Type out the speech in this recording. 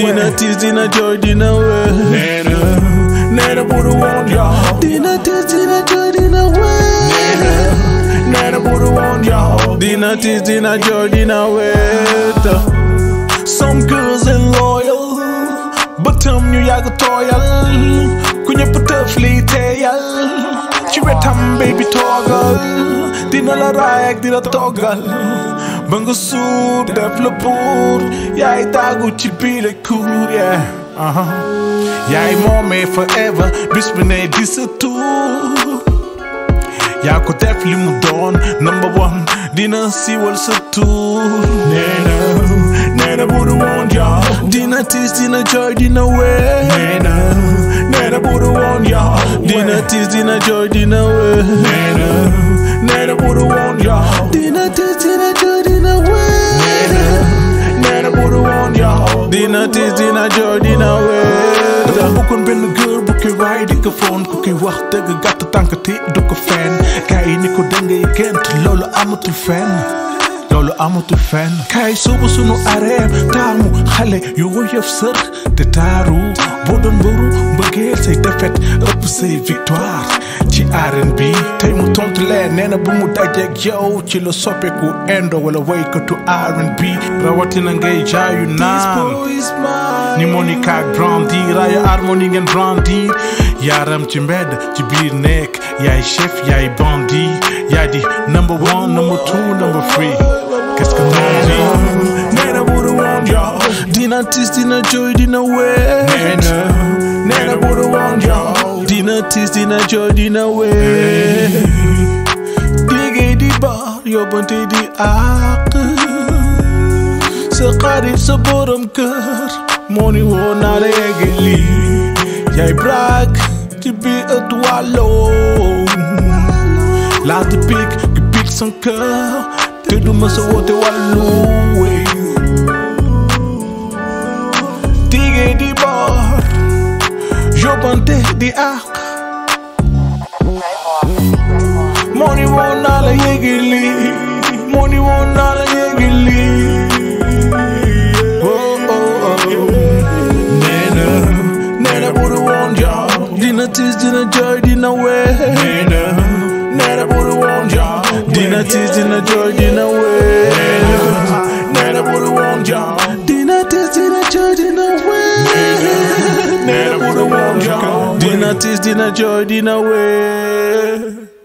dina tiis dina jooy dina wéy. nee na nee na bu du woon yow. dina tiis dina jooy dina wéy. nee na bu du woon yow. dina tiis dina jooy dina wéy. some girls are loyal. bëtam ñu yàgg tooyal. ku ñëpp tëf lii teeyal. ci wetam baby toogal. dina la raay ak dina toogal. ba nga suur def la buur yaay tàggu ci biile kuur yeah yaay moomee forever bis bi ne di sa tuur yaa ko def li mu doon number one dina siiwal sa tuur nee na nee woon yow dina tiis dina jooy dina wee nee na nee woon yow dina tiis dina jooy dina wee dina tiis dina jooy dina wéet benn góor bu koy waay di ko foon wax dëgg gàtt tànk te du ko fenn kaay ni ko dangay gént loolu amatul fenn loolu amatul fenn kaay suubu sunu areem taamu xale yu woyof sër te taaru boo doon mbëru mbëggeel say défaite ëpp say victoire ci arène bi tey tontu leen nee na bu mu dajeeg yow ci la soppeeku indo wala waykatu R&B rawatina ngay jaayu naan ni Monica brandir raaya harmonie ngeen brandir yaaram ci mbedd ci biir nekk yaay chef yaay bandi yaa di number one number two number three qu'est-ce que nee yóbbante di àq sa xarit sa borom kër moo ni woo naa lii yaay braak ci biir ëtt wàlloom laata pik ki pik te du ma sa woote wàllu wey tige di boor yóbbante di àq moo ni la yéegi lii tiis dina oh, jooy oh, oh. dina wee neena neena bu du woon jaam dina tiis dina jooy dina wee neena bu du woon dina tiis dina jooy dina wee neena bu du woon dina tiis dina jooy dina wee